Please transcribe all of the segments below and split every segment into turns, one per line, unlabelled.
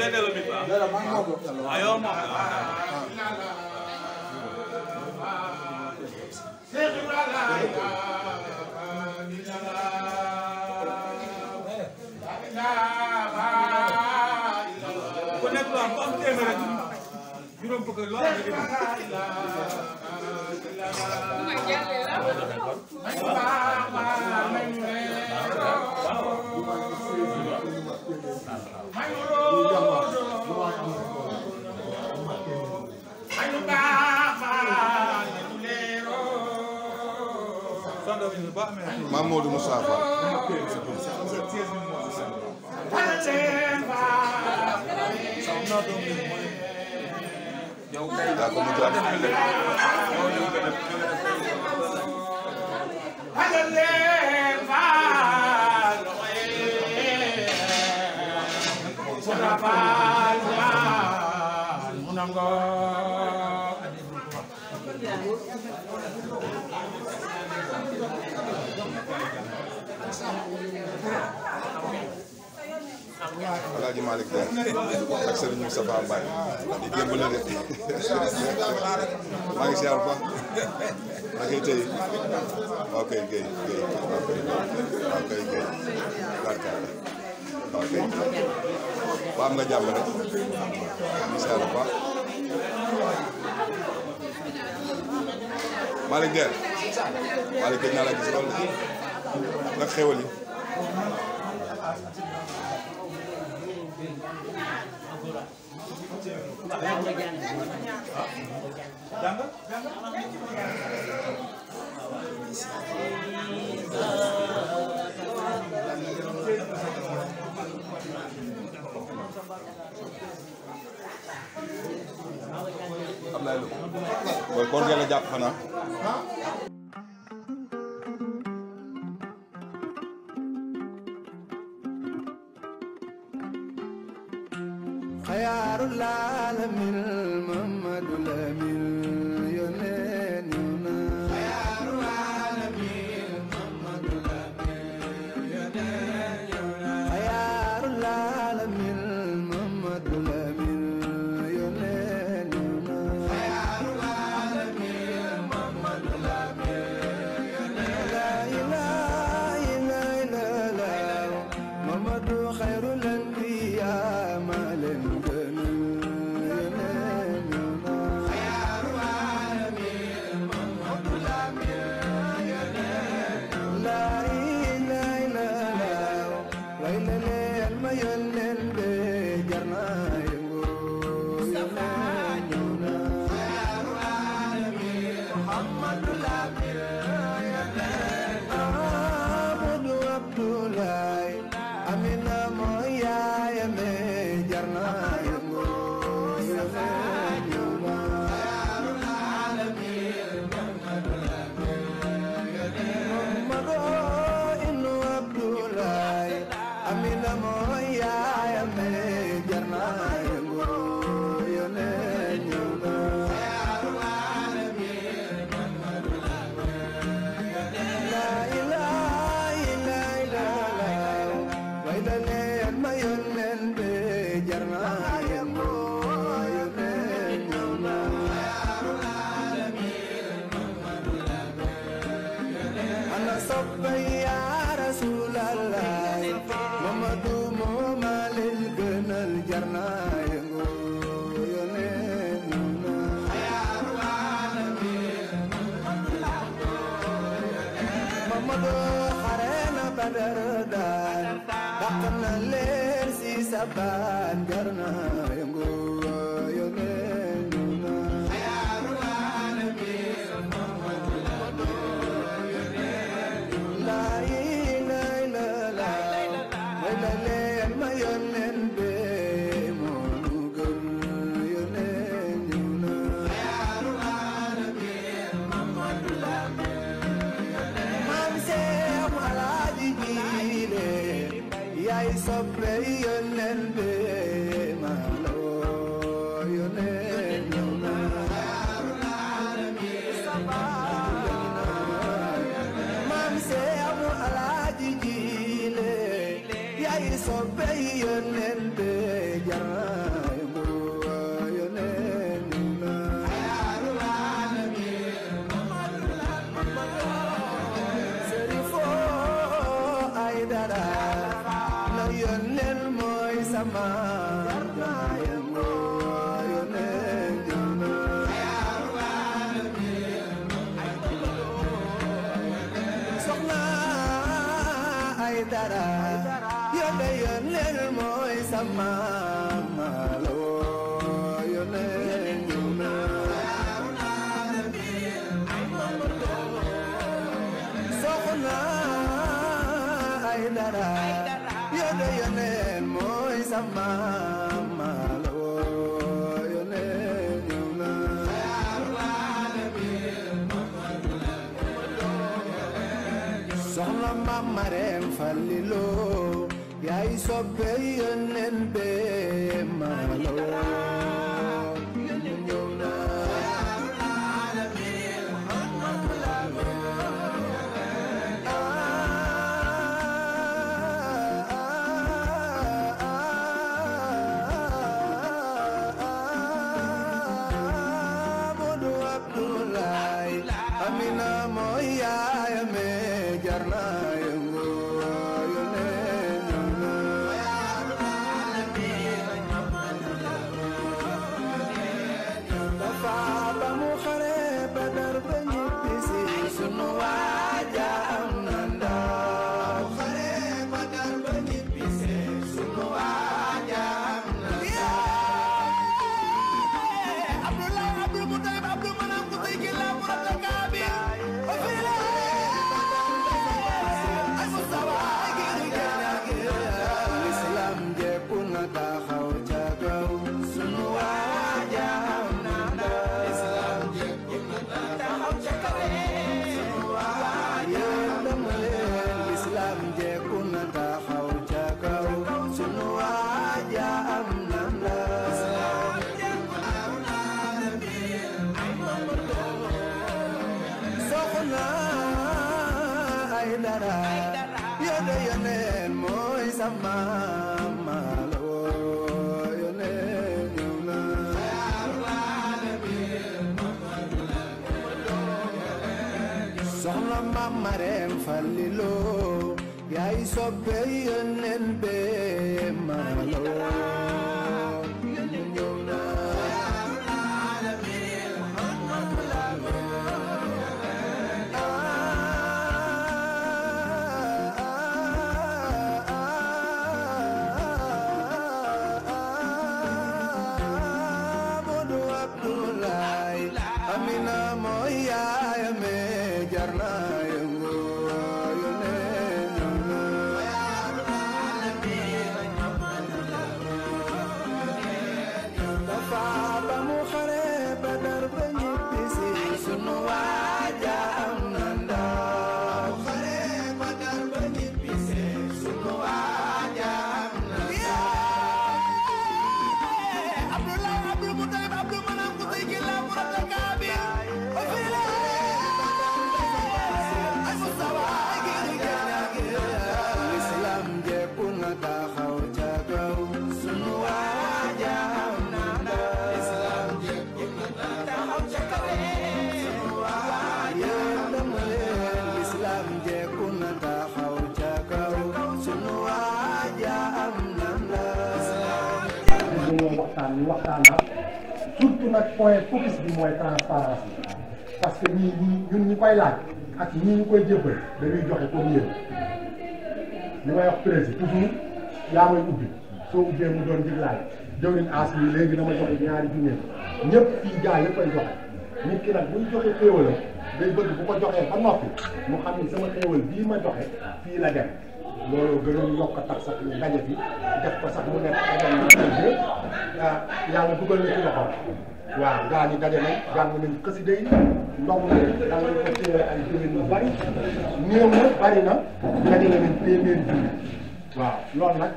leen elomit ba ayo moom
ku nekk lu am
am téeméer ak juróom fukk loo xam
ne
Maam Modou Moussa Fall Alaaji Malick Dia ak Serigne Moustapha Mbaye di démb la de maa ngi siyaar ba maa ngi tey waaw kay kay kay waaw kay waaw kay kay
waaw kay rek di siyaar ba
Malick Dia
waaye gëj naa la
gis loolu nag xéwal yi. Abdoulaye Lo mooy koor gi la jàpp xanaa ah?
dara yone yone mooy sama maam la woo yone ñëw na soxna maam Mareem Fallilu yaay soppe yoneen bee maa la woo mareem falliloo yaay soppe yónneen bee maaloo yónneen ñëw naa Amina mooy yaayame jarna
point focus bi mooy transparence parce que nii ñun ñi koy laaj ak ñi ñu koy jébbal dañuy joxe comme yéen li may wax président toujours yaa may ubbi soo ubbee mu doon jiglaay jëwriñ aas yi léegi dama joxe ñaari junne ñëpp fii jaay yëpp ay joxe nit ki nag buñ joxe xéewalam bu ko joxee ba noppi mu xam ni sama xéewal bii ma joxe fii la dem loolu gënoon yokk a tax sax ñu ndaje fi def ko sax mu nekk événement ah, yàlla dugal na ci loxoom waaw gaa ñi daje nañ jàng nañ xasida yi ndong na da nga ko téye ay jëwin yu bari néew na bari na daje nañ téeméer bi waaw loolu nag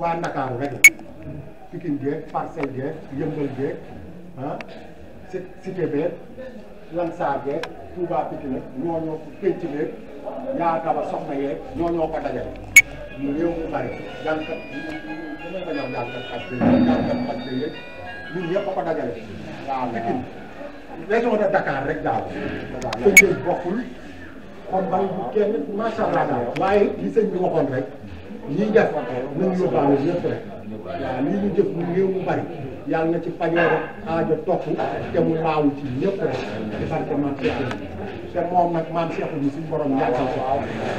waa Ndakaaru rek Pikine geeg Parcelles geeg Yëmbal geeg ah Cité beeg Lansar geeg Touba Pikine ñoo ñoo ko penc beeg
yaa daba soxna yeeg
ñoo ñoo ko dajale mu néew mu bari jànkat dama ko ñor jànkat ak béy jànkat ak béy ñun ñëpp a ko dajale. waaw Pikine région de Dakar rek daal. waaw bokkul. kon bal bu kenn macha allah daal waaye li sëñ bi waxoon rek. ñiy def nañ yóbbaale ñëpp rek. waaw lii mu néew mu bari. yàlla na ci fajoor aajo topp mu laaw ci ñëpp rek di barke maam Cheikh te moom nag maam Cheikh bi suñu borom yàggal ko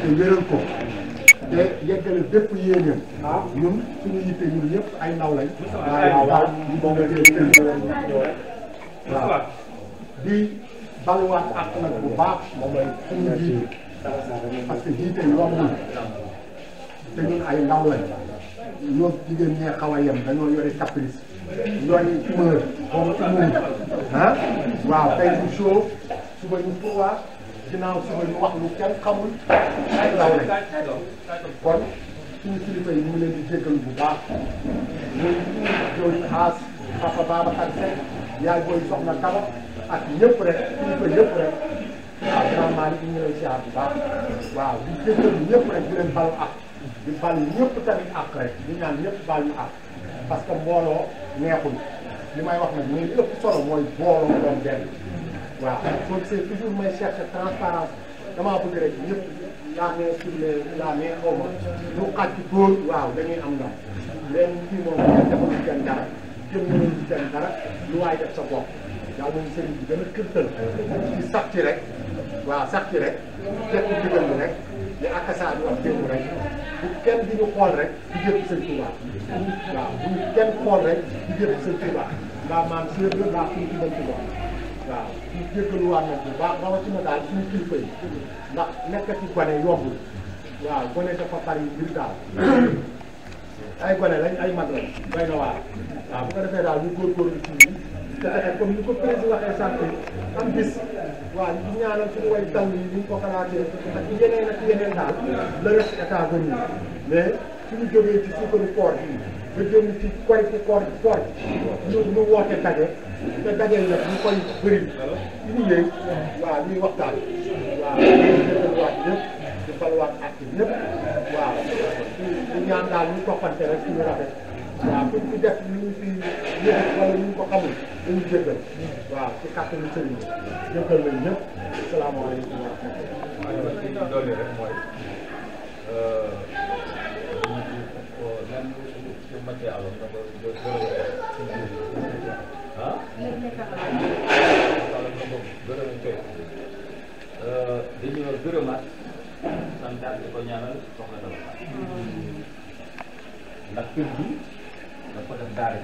te wéral ko. te yeggale bépp yéenéen ah. ñun suñu yitte ñun yëpp ay ndaw lañ waaw waaw ñu moom la waaw di baluwaat ak nag bu baax moom lay suñu jiite parce que jiite yombul te ñun ay ndaw lañ ñoo jigéen ñee a yem dañoo yore caprice yore humeur boobu humeur ah waaw tey bu chaud suba ñu froid ginnaaw suba ñu wax lu kenn xamul ay ndaw lañ kon suñu kilifa yi ñu ngi leen di jéggal bu baax ñun jëwriñ xaas papa Babacar Seck yaay booy soxna Kaba ak ñëpp rek kilifa yëpp rek waaw grand Malick ñu ngi lay siyaar bu baax waaw di jéggal ñëpp rek di leen balu ak di bal ñëpp tamit ak rek di ñaan ñëpp bal ñu ak parce que mbooloo neexul li may wax nag mooy li ëpp solo mooy booloo doon benn waaw man c'est toujours may chercher transparence damaa bëgg rek ñëpp la main sur le la main au moins lu xaj waaw dañuy am ndam leen fii moom kenn defalu kenn dara kenn kenn dara lu waay def sa bopp daal moom sëriñ bi gën a kërtal ci sax ci rek waaw sax rek def bi rek di di ñu xool rek di jëpp sëñ Touba waaw bu ñu kenn xool rek di jëpp sëñ Touba ndax maam sëriñ la laa fi ñu ci waaw ñu jégaluwaat nag bu baax rawatina daal suñu kilifa yi ndax nekkati gone yombul waaw gone dafa bari mbir daal ay gone lañ ay mag lañ doy na waar waaw bu ko defee daal ñu góorgóorlu ci te fexe comme ni ko président waxee sant am bis waaw ñu ñaanal suñu way taw yi ñu ko xalaatee ak yeneen ak yeneen daal le reste état venir mais suñu jógee ci suukaru koor yi ba jëm ci koy ci koor koor ñu ñu woote daje te dajeel la ñu koy bëri. ci ñu yëg waaw ñuy waxtaan. waaw ñuy jëfandwaat ñëpp. di falwaat ak ñëpp. waaw di ñaan daal ñu toppante rek suñu rafet. waaw pour ñu def lu ñu fi yëg wala ñu ko xamul dañu jëggal. waaw ci kàttanu sëriñ bi jëggal nañ ñëpp.
salaamaaleykum wa rahmatulah. li ñu dolli rek mooy. lan ci matériel la dañu war gërëmaat santaat di ko ñaanal soxla dama ndax kër gi daf ko def daara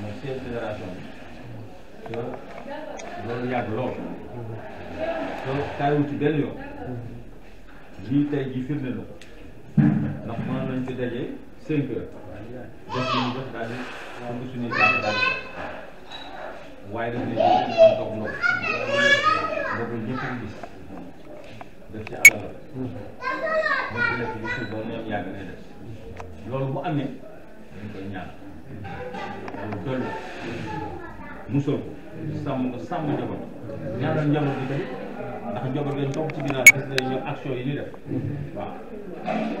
mooy seen génération bi loolu yàgg lool loolu taariwu ci benn yoon lii tey jii firnde na ndax mënoon nañ ci daje cinq heures def li ñu def daal di am suñuy jàng daal gis def ci alal ba ci nekk li suuf ba ñoom yàgg lay def loolu bu amee dañ koy ñaan loolu doy na musal ko sàmm ko sàmm njaboot ñaanal njaboot bi tamit ndax njaboot bi dañ topp ci ginnaaw gis nañ ñoom action yi ñuy def waaw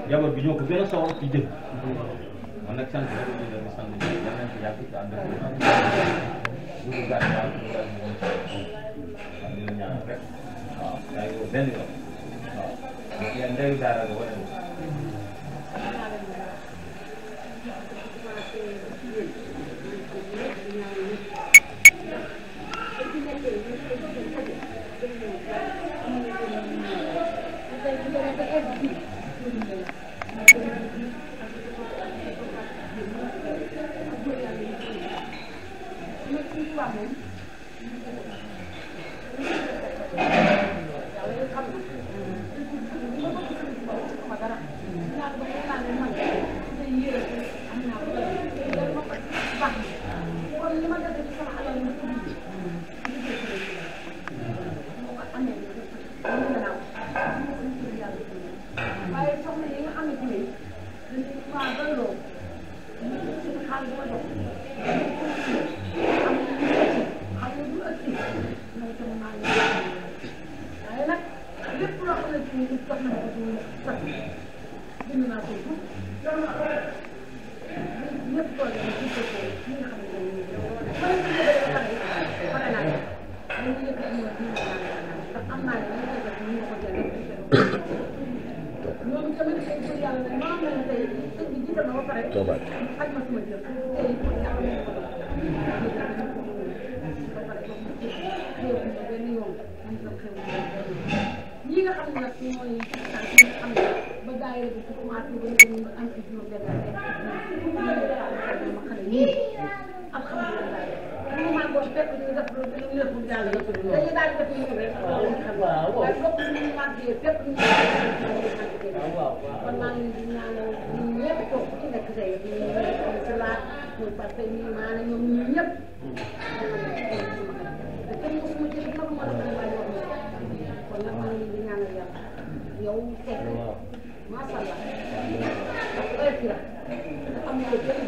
njaboot bi ñoo ko gën a sawar ci jëf man nag sant rek ñu def sant ñi yal nañ ci yàgg te ànd ak ñu gàtt daal ñu gàtt moom waaw dina ñaan rek waaw daa ngi benn yoon yaa ndeyu daara nga wala
Thank you.
nii alhamdulilah mu maa ko fekk ñu def lu ñu def lu yàlla def lu dañu daal def lu rek ah, waaw waaw fekk ñu màggee fekk ñu ah, waaw kon maa ngi di ñaanal ñun ñëpp toog ku ci nekk tey ñu ci laaj ñu parce que ñu maanaam ñoom ñu ñëpp hmm. kenn ko mu jël ko mo la
kon nag maa ngi di ñaanal yàlla yow fekk ah, ma sha Allah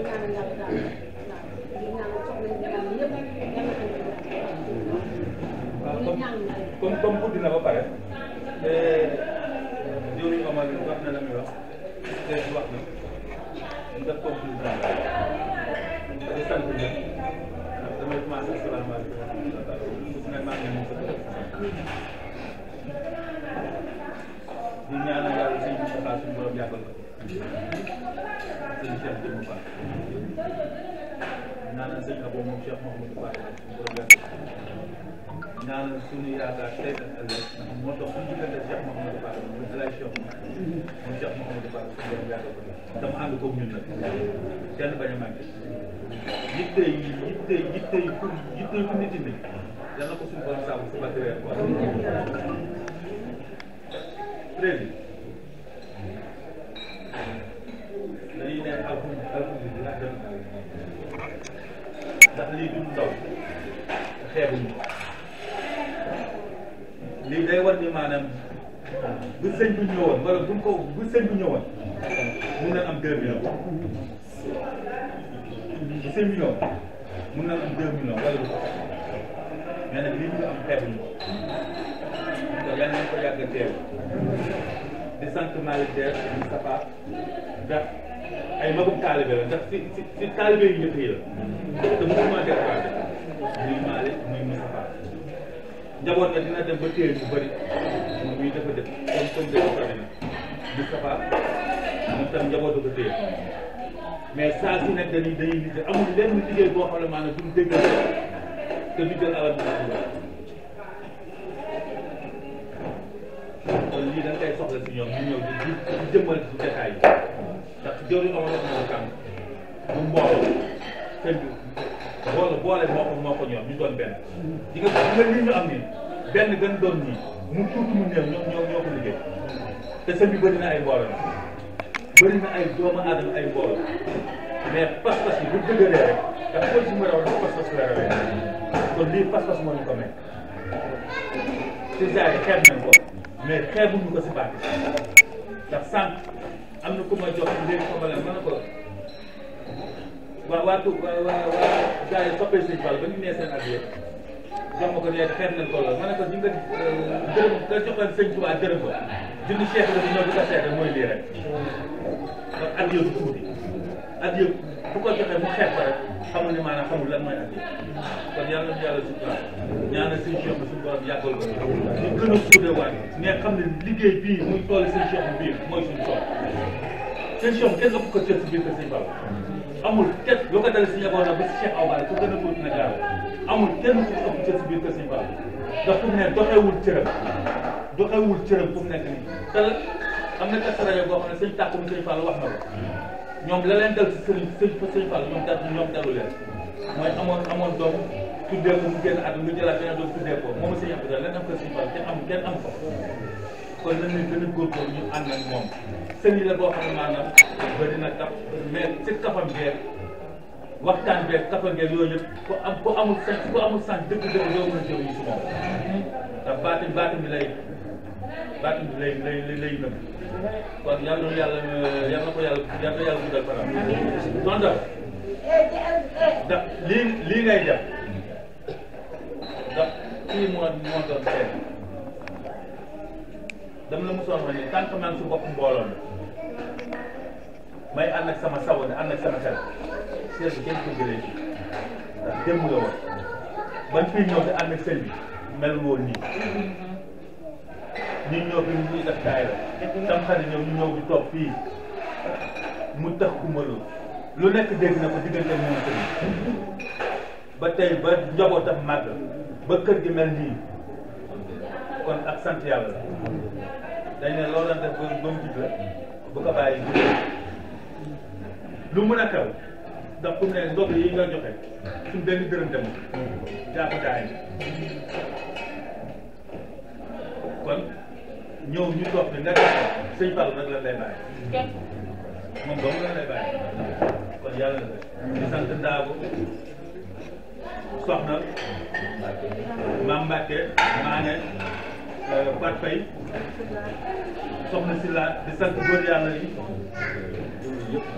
comme comme guddi na ba pare te jëwriñ
Omar bi na la muy wax te wax na ñu def di sant ñëpp ndax damay commencé asalaamaaleykum wa rahmatulah maa ngi leen di ñaanal yàlla sëñ Moustapha suñu borom yàggal ko sëñ Cheikh Jëmmu Fall ñaanal suñu yaakaar tey ak ëllëg ndax moo tax suñu diggante Cheikh Mouhamadou Fall mu dalay Cheikh moom Cheikh Mouhamadou Fall suñu borom yàgg ko dama ànd koog ñun nag kenn bañ a manqué yitte yi yitte yitte yi pour yitte yi pour nit ñi dana ko suñu borom saabu si bàtt weer quoi wala bu ko mun na am deux bu sëñ mun na am deux millions wala mais nag li ñu am yàgg a di sant Malick Der di Sapa ndax ay magum taalibe ndax si si si taalibe yu njëkk yi la te mosuma def quoi muy Malick muy Moustapha njaboot na dina dem ba téere ñu bëri muy dafa def comme comme def ko Moustapha moom tam njabootu ko téye
mais saa si nag
dañuy dañuy liggéey amul lenn liggéey boo xam ne maanaam duñ dégg te du jël alal bi kon lii dañ koy soxla si ñoom ñu ñëw di di jëmmal ci jotaay yi ndax jëru amoon na kam bu mbooloo sëñ bi boole boole moo ko moo ko ñoom ñu doon benn di nga li ñu am nii benn gën doon nii mu tuuti mu néew ñoo ñoo ñoo ko liggéey te sëñ bi bëri na ay mbooloo bëri na ay doomu aadama ay mbooloo mais pas-pas yi bu dëgëree rek ndax xool ko mais xeebuñu ko am na ku ma jox léegi ko ma la mën a ko waa waa waa waa gars yi soppee sëñ Fall ba ñu nee seen at yëpp jox ma ko ne xeet nañ ko lool ma ne ko ñu nga dërëm euh, nga jox leen sëñ Tuubaa dërëm ko junni a la ñëw di ko seete mooy lii rek kon addiya bu tuuti addiya bu ko joxee mu xeet ko rek xamul ne maanaam xamul lan mooy addiya kon yàlla nañu yàlla sutura ñaanal sëñ cheikh bi suñu borom yàggal ko ñu gën a suudewaat mais xam ne liggéey bii muy tool sëñ cheikh bi bii mooy suñu tool sëñ cheikh kenn la ko ko cër si biir ko sëñ Baba amul kenn lu ko dale si yaboo na ba si Cheikh Awa Balla ku gën a tuuti na gaaw amul kenn ku ëpp cër si biir kër ne nekk
nii
te am na kese rajo boo xam ne sëñ tàkkum sëñ Fall wax na ko ñoom la leen dal si sëñ sëñ sëñ Fall ñoom dal ñoom dalu leen mooy amoon amoon doom tuddee ko mu génn àdduna mu jëlaat beneen doom tuddee ko moom sëñ Abdou leen am kër Sëñ Fall kenn am kenn am ko kon nañ leen gën a góorgóorlu ñu ànd ak moom sëñ la boo xam ne maanaam bëri na kaf mais ci kafam geer waxtaan beeg kafa geer yooyu yëpp ku am ku amul sax ku amul sax dëgg-dëgg doo mën a jëw yi si moom ndax baatin baatin bi lay baatin bi lay lay lay nëb kon yàlla na yàlla yàlla na ko yàlla yàlla na yàlla guddal fanam tonda da lii lii ngay def ndax kii moo moo doon seen dem la mu wax ne tant que maa ngi si bopp mbooloo may ànd sama sago di ànd ak sama xel sëñ bi kenn ko jëlee ci ndax démb fii ñëw di ànd ak sëñ mel woon nii ñun ñoo fi ñuy def daayira tam xarit ñu ñëw di toog fii mu tax ku mënul lu nekk dégg na ko diggante moom sëñ bi ba tey ba njabootam màgg ba kër gi mel nii kon ak sant yàlla dañ ne loolu def ba ba bu ko bàyyi lu mën a taw ndax fu ne ndox yi nga joxe suñ benn dërëm demul jàpp daay kon ñëw ñu toog ni nga def sëñ Fall nag lan lay bàyyi moom dong lan lay bàyyi kon yàlla na di sant Ndaago soxna Maam Mbàkke Maane Euh, Fatou Faye soxna Sylla di sant góor yàlla yi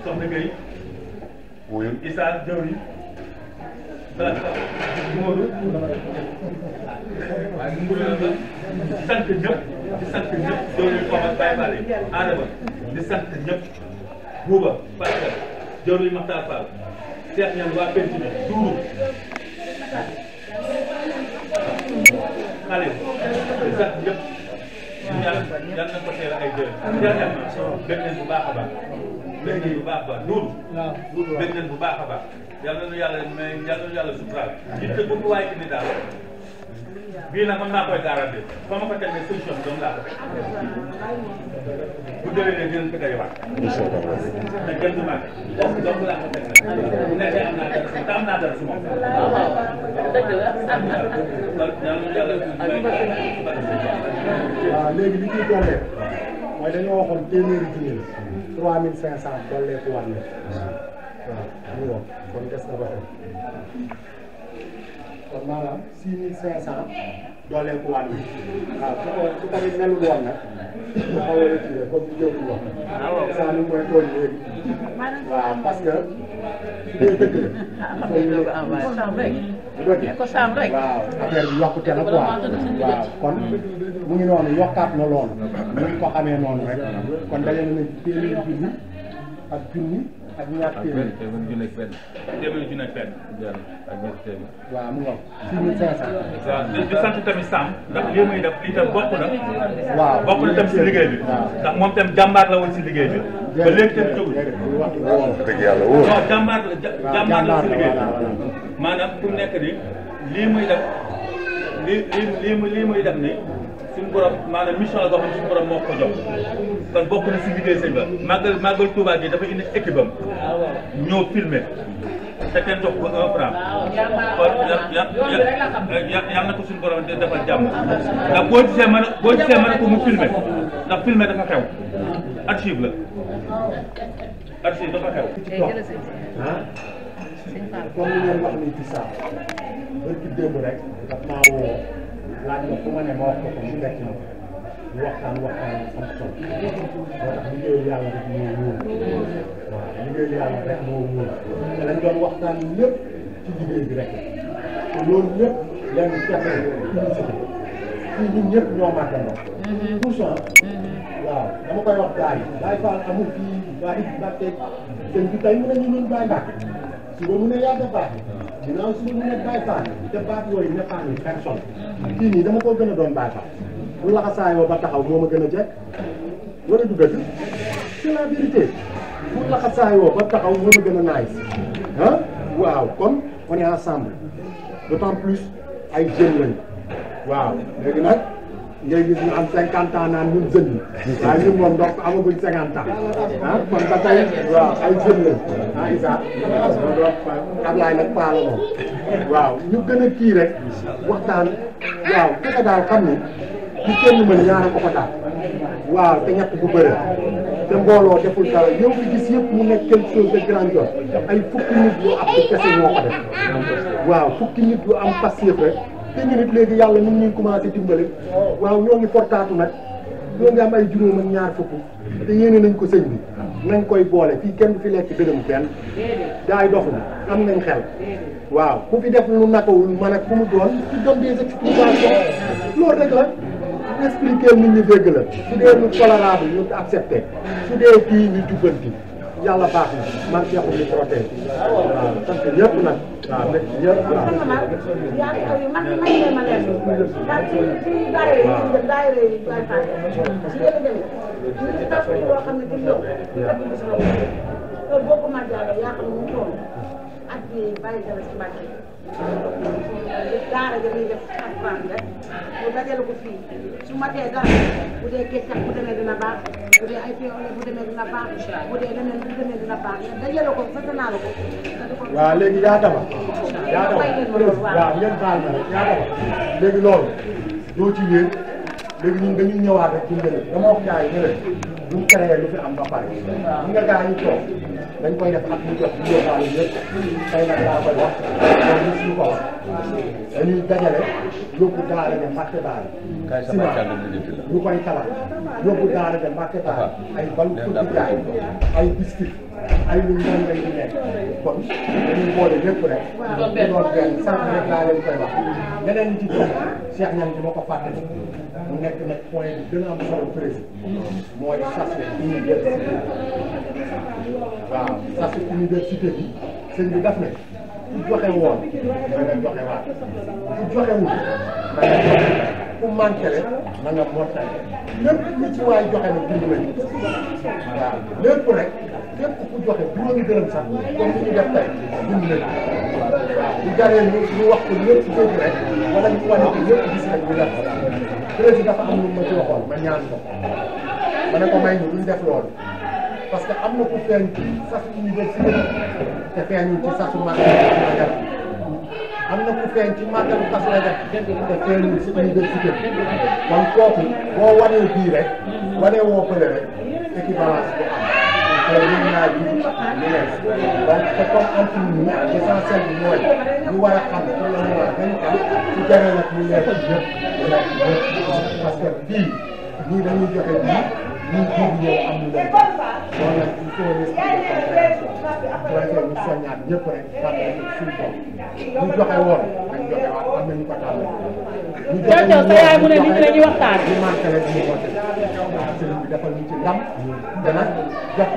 soxna Gueye. wóyul Issa Diaw yi. voilà Modou.
waaye mu ngi sant ñëpp di sant ñëpp Diaw yi Fapal
Baye Fall yi Adama di sant ñëpp Bouba Fatou Diaw yi Makhtar Fall Cheikh Niang waa Pentina Dourou. xale yi sax yëpp yàlla yàlla na ko teel ay jërë yàlla bëgg nañ bu baax a baax bëgg nañ bu baax a baax duul bëgg nañ bu baax a baax yàlla na yàlla may yàlla na yàlla suturaal nit ku waaye ni daal bii nag mën naa koy garanti ba ma ko tegee solution bi doomu laa ko teg bu déwénee dinañ ko dajewaat. incha allah te kenn du mag doomu laa ko teg nag bu nekkee am naa dara te am naa dara su ma. waaw dëgg la.
waaw léegi li ñuy dollee mooy dañoo waxoon téeméeri junni la trois mille cinq cent dollee ku war na waaw ñu wax kon des na ba tey kon maanaam six waaw su ko la tuddee comme ah, waaw parce que
su dee dëgg la kon mu ngi noonu yokkaat na loolu ñu
ko xamee noonu rek kon dalee na téeméer junni ak junni ak ñaar téeméer ak
benn junne ak benn. téeméer junne ak benn. ak ñaar téeméer. waaw mu ngoog. six mille cinq cent. waaw di sant tamit Sam. ndax lii muy def lii tam bokk na. waaw bokk na tam si liggéey bi. ndax moom tam jàmbaar la woon si liggéey bi. ba léegi tam jógul. dëgg yàlla wóor waaw jàmbaar la jàmbaar la si liggéey bi. maanaam fu mu nekk nii lii muy def lii lii lii muy def nii. borom maanaam mission la boo xam ne suñu moo ko jox bokk na si liggéey sëñ ba màggal màggal Touba gi dafa indi équipe am ñoo filmé te kenn jox ko un franc kon yàlla boo gisee mën a boo gisee mën a ko dafa xew archive la archive dafa
xew laaj ma ku ma ne ma wax ko ko mu bett ma waxtaan waxtaan am solo moo tax liggéeyu yàlla rek moo wóor waaw liggéeyu yàlla rek moo wóor te lañ doon waxtaan lépp ci liggéey bi rek te loolu lépp leen fexe unicité fii ñun ñëpp ñoo màggandoo pour cent waaw dama koy wax gars yi Baye Fall amul fii Baye Mbacke sëñ bi tey mu ne ñu ñun Baye Mbacke suba mu ne yaa def Baye ginnaaw su ma nee Baye Fall te baat yooyu kii nii dama koo gën a doon Baye Fall bu laxasaayoo ba taxaw moo ma gën a jekk war a dugg c'est la vérité bu laxasaayoo ba taxaw moo ma gën a naaj ah waaw kon on est ensemble d'autant plus ay jeunes lañu waaw léegi nag. ngay gis ñu am cinquante ans naan ñun jeunes yi waaye ñun moom ndox amaguñ cinquante ans ah kon ba tey waaw ay jeunes lañ ah Issa donc Ablaye nag moom waaw ñu gën a kii rek waxtaan waaw gën daal xam ni ci kenn mën ñaara ko ko daal waaw te ñett bu bëre te mbooloo deful dara yow bi gis yëpp mu nekk quelque chose de grandiose ay fukki nit yu am kese rek te ñu nit léegi yàlla ñu ñuy commencé dimbale waaw ñoo ngi fortaatu nag ñoo ngi am ay juróom ak ñaar fukk te yéene nañ ko sëñ bi nañ koy boole fii kenn du fi lekk dërëm kenn daay dox na am nañ xel waaw ku fi def lu nakawul man ak ku mu doon ci doon des explications loolu rek la expliquer nit ñi dégg la su dee lu colorable ñu accepté su dee kii ñu jubbanti yàlla baax na man Cheikh Oumy Protet
waaw sant ñëpp nag
waaw nekk ñëpp waaw. man man ma leen daal ci ci daayira yi ñu def
daayira yi Baye Fall ci yële dem
ñu ngi tas boo xam ne du ñëw ak du gis loolu
boo ko mën a jàllale yaa xam ne mu toll ak di bàyyi dara ci Mbàkke
daara ja yaa dama yaa dama waaw ngeen baal ma
rek yaa dama léegi ñun dañu ñëwaat rek ci njëriñ dama wax gars yi ne leen bu ñu créé lu fi am ba pare ñi nga gars yi toog dañ koy def ak ñu jox ñu yóbbaale yëpp tey nag laa koy wax ñoom ñu suñu ko wax dañuy dajale yóbbu daara de mbàkke daara ñu koy tabax yóbbu daara de mbàkke daara ay bal pour di jaay ay biscuit ay lu ñu doon di nekk kon dañuy boole lépp rek ñu doon benn sant rek laa leen koy wax leneen ci dëgg Cheikh ñam di ma ko fàttali mu nekk nag point gën a am solo président mooy sase université waaw sase université bi sëñ bi daf ne ku joxe woon na nga joxe waat
ku joxe wul joxe
lépp lu ci waay joxe nag dund nañu waaw lépp rek sax comme ni ñu def tey dund nañu waaw bu wax ko lépp dégg rek wala ñu wane ko lépp gis rek ñu def président dafa am lu ma ci waxoon ma ñaan ko ma ne ko may ñu duñ def loolu parce que am na ku feeñ ci sax université te feeñul ci saxu màggal Kazu Rajab am na ku feeñ ci màggalu Kazu Rajab te feeñul ci université kon kooku boo wanee bii rek wanee woo fële rek équivalence bu am te ñun naa li lees donc te comme antime yi l'essentiel bi mooy ñu war a xam pour la ñu war benn kan su jaree nag ñu lees yëpp lees yëpp parce que bii ñii dañuy joxe bii ñii bii bi ñëw am lu leen loolu nag il faut l'esprit de compréhension donc ñu soññaat ñëpp rek fàtte suñu bopp ñu joxe woon dañ joxe waat am nañu ko tàmbali ñu joxe woon sa yaay mu ne nit ñi dañuy waxtaan ñu manqué rek ñu ko waaw sëriñ bi defal
ñu ci ndam te nag jox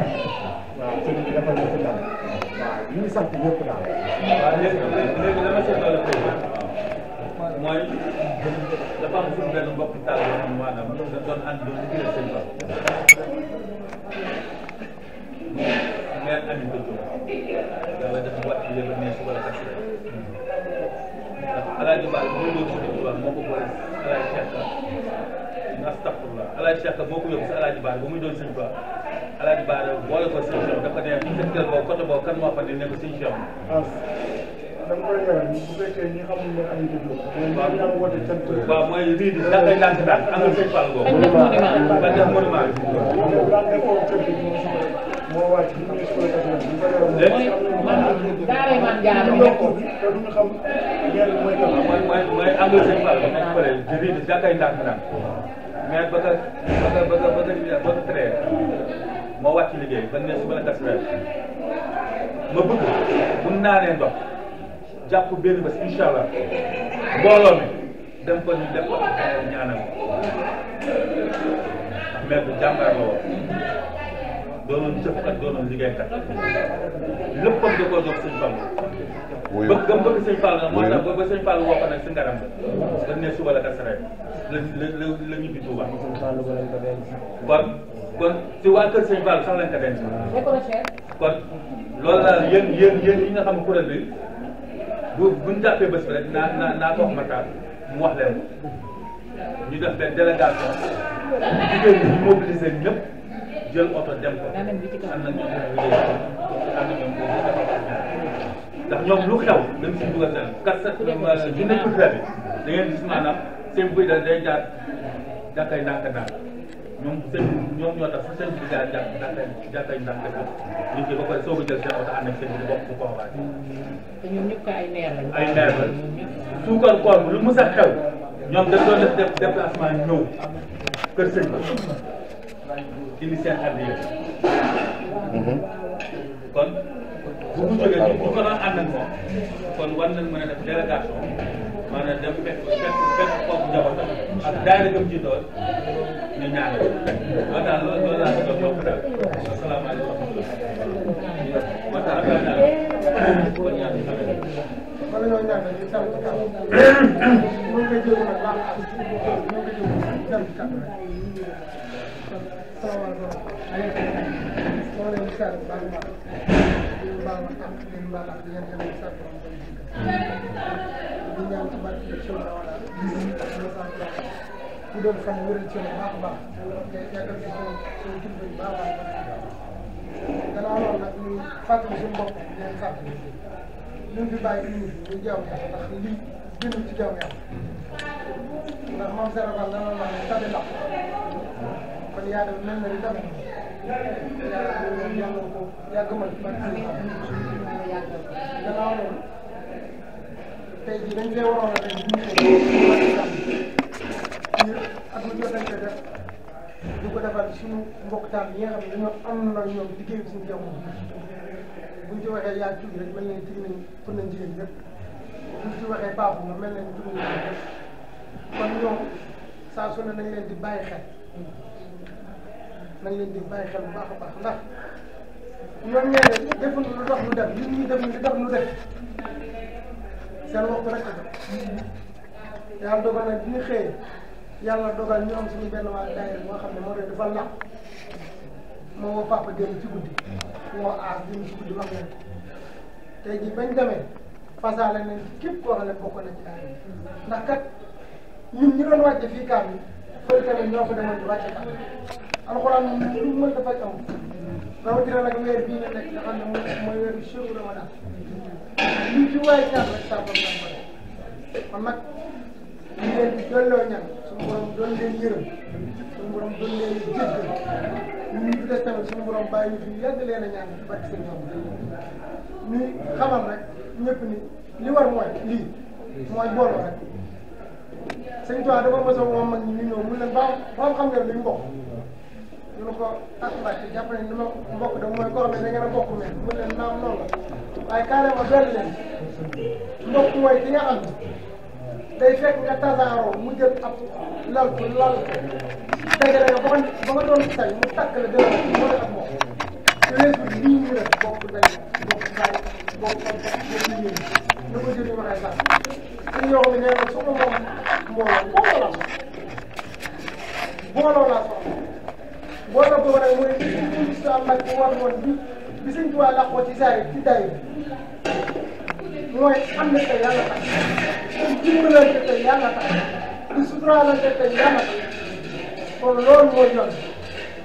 ñu ngi sant ñëpp daal. waaw léegi léegi la ma siy doon rek
mooy dafa am suñu benn mbokk taal yoo xam maanaam da doon ànd doon liggéeyal seen bopp. ngeen andi ko jóg yàlla def mu wàcc yële ne suba la tax ndax Alaaji Ba bu ñu doon tudd moo ko boole Alaaji Cheikh astafurlah Alaaji Cheikh moo ko yóbbu si Alaaji Ba ba muy doon sëñ Ba
Alaaji Baara boole ko sëñ Cheikh dafa
ne secteur boobu côté boobu kan moo fa ne ne ko sëñ Cheikh. waaw dama koy ñëwal bu fekkee ñi xamul ne am na judd. waaw ñoo woote sant. waaw mooy lii di ndax day daan si daan am na sëñ Fall boobu. ba def monument bi.
moo wàcc ñu ngi suñu léegi
maanaam
daaray maam jaar bi nekkul te duñu xam ñeent mooy mooy mooy mooy am na sëñ
Fall nekk fële di lii di ndax day daan si daan. mais ba ka ba ka ba ka ba ka traité. ma wàcc liggéey ba ne su ma la tas weer ma bëgg mun naa ne ndox jàpp benn bés incha allah mbooloo mi dem ko ñu def ko ñaanal
ndax mère bi jàmbaar la woon doonoon jëfkat doonoon liggéeykat léppam da koo jox sëñ Fall. wuyu bëgg gëm bëgg sëñ Fall nag moo tax ba sëñ Fall woo ko nag si ngaram ba ne
suba la tas weer la la la ñu bi Tuuba kon. kon si waa kër sëñ Fall sax lañ ko denc. kon loolu daal yéen yéen yi nga xam ne bi bu buñ jàppee bés bi rek naa naa naa ko wax mu wax leen ñu def benn délégation jigéen ñi mobiliser ñëpp jël oto dem ko am na ndax ñoom lu xew dañ si dugal seen kat sa ñu nekkul xel bi da gis maanaam seen buy dal day jaar ñoom seen ñoom ñoo tax fu seen bi jaar jàpp ndax jàppale ndax dëgg liggéey ba pare soog a jël seen oto ànd ak seen bi bokk bu convoi
te ñoom ñëpp ay maire lañ ay maire la suukar
koor bi lu mu sax xew ñoom dañ doon def déplacement ñëw kër sëñ ba indi seen ànd yëpp kon bu mu jógee ñu ko doon ànd ak moom kon war nañ mën a def délégation maanaam dem fekk fekk fekk foofu njabootam ak daanaka mu ci doon ñu ñaanal loolu daal loolu loolu laa doon bokk daal asalaamaaleykum
wa rahmatulah
kon ñaata xam nga. mën nañoo ñaanal ñu sant kàddu mën nga jël nag baax mën nga jël sant kàddu rek. salaamaaleykum. maa ngi leen di sant bu baax a baax di mbaaw ak am di mbaaw ak di ngeen xam ne sant di ñaan ci barke bu doon fan wéral ci baax a baax te yàggal ci seen seen kilifa yu baax a baax danaa loolu nag ñu fàttali suñu bopp leen fàttali ñun fi bàyyi nii ñu jaamu yàlla ndax lii gënul ci jaamu yàlla ndax moom Sénégal dana wax ne tabi ndax kon yaa dem mel na di tabi yàlla yàlla ko yàggamal ba danaa loolu tey jii dañ lay waroon a def xam ne ak lu jot a def di ko defal suñu mbokk yi nga xam ne dañoo am na ñoom liggéey bi suñu jamono buñ ci waxee yaa tudd rek mel nañ tigi nañ pour nañ jigéen ñëpp buñ ci waxee baaxu nga mel nañ tug nañ ñëpp kon ñoom saa su ne nañ leen di bàyyi xel nañ leen di bàyyi xel bu baax a baax ndax ñoom nee ne defuñu lu tax lu def li ñuy def lu tax lu def seen waxtu rek a def yàlla yàlla dogal ñu am suñu benn waa daayira moo xam ne moo doon dafa làq moo woo papa dem ci guddi woo aas dim ci guddi wax leen tey jii bañ demee fasaale nañ ci képp koo xam ne bokk na ci daayira ndax kat ñun ñu doon wàcce fii kaam yi fële tamit ñoo ko demoon di wàcce kaam alxuraan moom lu mën dafa am rawatina nag weer bii nga nekk nga xam ne mooy mooy weeru chëru ramadan ñu ci waaye ñaan rek sàmm man nag ñu leen di dolloo suñu borom doon leen yërëm suñu borom doon leen jéggal ñun ñu des tamit suñu borom bàyyi ñu fi yàgg leen a ñaan ci barke seen doom ñu xamal rek ñëpp ni li war mooy lii mooy booloo rek sëñ Tuubaa dafa mos a woo mag ñi ñu ñëw mu leen baax baax xam ngeen li mbokk ñu ne ko ak Mbacke jàpp nañ ni ma mbokk da mooy koo xam ne da ngeen a bokk mel mu leen naam noonu la waaye carrément benn leen mbokk mooy ki nga xam ne day fekk nga tasaaroo mu jël ab lal ko lal ko dajale nga ba nga ba nga doon say mu takk la delloo la ci ak moom léegi lii ñu def bokk day bokk baay bokk am bokk yéen na ko jëli waxee sax suñu yoo xam ne nee na su ma moom mbooloo mbooloo la mbooloo laa soxla mbooloo boobu nag mooy li ñu gis ñu gis am nag bu war woon bi bi suñ tubaab laqoo ci saa yi ci dayu mooy am na te yàlla tax dimbalante te yàlla
tax
di suturaalante te yàlla tax kon loolu mooy yoon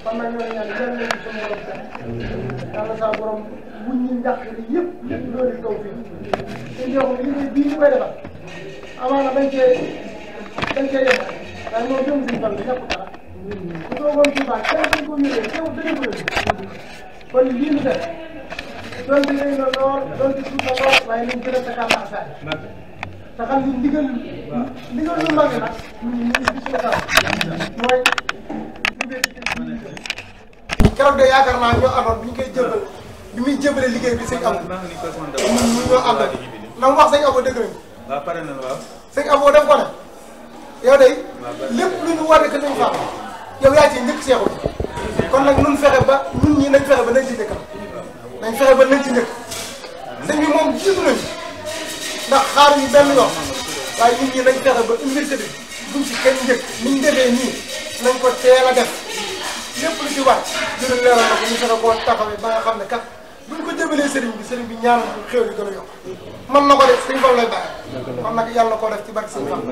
ba ma ñëw ñaan yal nañu sa morom sax yàlla sa borom wuñ ñu njàq li yëpp lépp loolu kaw fii te ñoo xam bii ñu koy defar amaana dañ cee dañ cee yem waaye moom jëm suñu toogoon ci baax kenn duñ ko yëgee teew dëgg kon lii ñu def donte rëy na lool donte suuf na a takkaat de yaakaar naa ñoo amoon bi ñu koy jëbal bi muy jëbale liggéey bi sëñ Abou. ñun ñoo am na mu wax sëñ Abou dëgg nañu. waaw pare dem ko ne de lépp lu ñu war rek nañ fa yow yaa ci njëkk seexu kon nag nun fexe ba ñun ñi nañ fexe ba nañ ci njëkkal. nañ fexe ba nañ ci njëkk sëñ bi moom jiitu nañ ndax yi benn yoon waaye nit ñi nañ fexe ba université bi buñ ci kenn niñ defee nii nañ ko teel a def lépp lu ci war dina leeral na ko ñu fexe koo taxawee ba nga xam ne kat buñ ko jëbalee sëriñ bi sëriñ bi ñaan na xéw yi gën a man na ko def sëñ Fall lay bàyyi kon nag yàlla na koo def ci barke sëñ Fall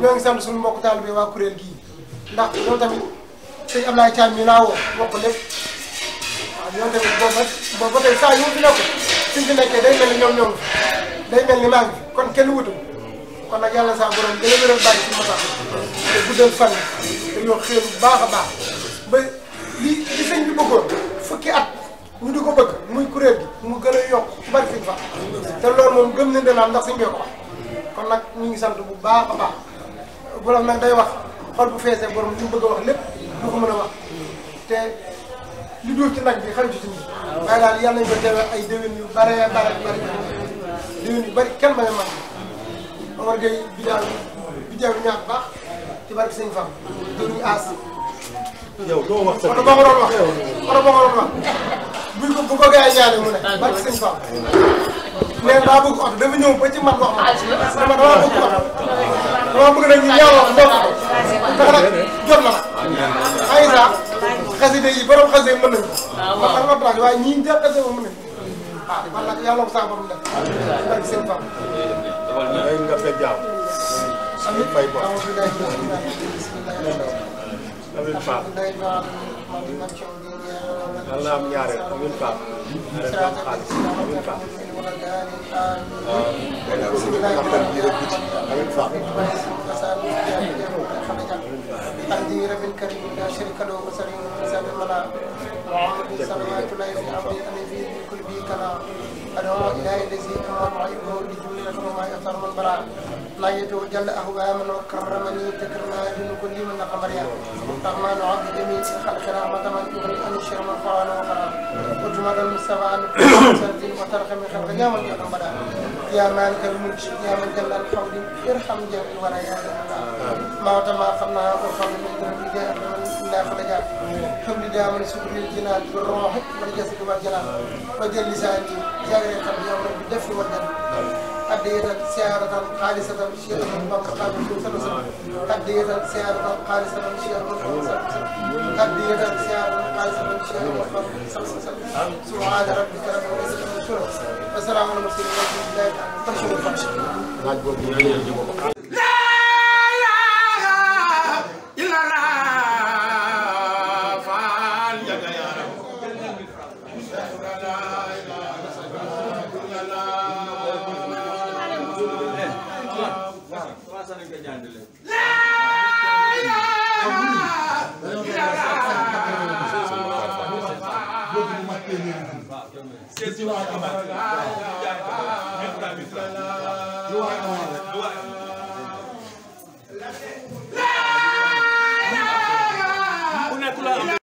ñoo ngi sant suñu mbokk bi waa kuréel gii ndax ñoo tamit sëñ Ablaye Thiam mi laa woo wax ko lépp waaw ñoom tamit boobu boobu ba tey saa yu fi nekkul suñ fi nekkee day mel ni ñoom ñoom day mel ni maa ngi fi kon kenn wutum kon nag yàlla saa borom gën a wéral bàyyi si mataam te guddal fan te yoo xéer bu baax a baax ba li li sëñ bi bëggoon fukki at ñu di ko bëgg muy kuréel gi mu gën a yokk bari siñ fa te loolu moom gëm nañ dana am ndax sëñ bee ko wax kon nag ñu ngi sant bu baax a baax bu la nag day wax xol bu feesee borom li mu bëgg a wax lépp du ko mën a wax te li dul ci nag bi xarit ci ñun. waaw waaye daal yàlla nañu ko teewal ay déwén yu bare bare bare déwén yu bari kenn mën a màgg. Omar Gueye bi daal bi teew ñaar baax ci barke ba ci man wax ma. Ah, parce que xasida yi borom xasida yi mën nañu ko. Ah, waaw waaw man man waaye ñii ñu jàpp xasida yi mën nañu ko. ah man nag yàlla ko sax ba mu def. amiin seen fam. amiin nga fekk jaaw. amiin fay ko. amiin
Pape. yàlla na am ñaareel amiin Pape. amiin Pape xaalis amiin Pape.
waaw. yàlla ah. na suñu naxtal bii rek biti amiin Pape. amiin Pape. ولا وعوذ بسماوات العز عبد أن في كل بي كلا أدعو إلهي الذي أمام عيبه لجولك وما يختار من براء لا يتوجل أهواما وكرمني تكرما دون كل من قمريا رحمن عبد جميع خلق رحمة من تغني أن الشر من فعل وفعل وجمد من سبعان سنتين وترك من خلق يوم القيامة بدا يا مالك الملك يا من جل الحمد ارحم جميع الورى يا
الله
ما تما قمنا وقبل من ذنبك جعفر جعفر حمل دامن سبل الجنان بالروح والجسد والجنان وجل لساني جاغر القلب يا رب الدفء والدم أدية سيارة خالصة شيئا وقال خلوصا أدية سيارة خالصة شيئا أدية سيارة خالصة شيئا سبحان ربك رب العزة عما يصفون وسلام على المرسلين والحمد لله رب العالمين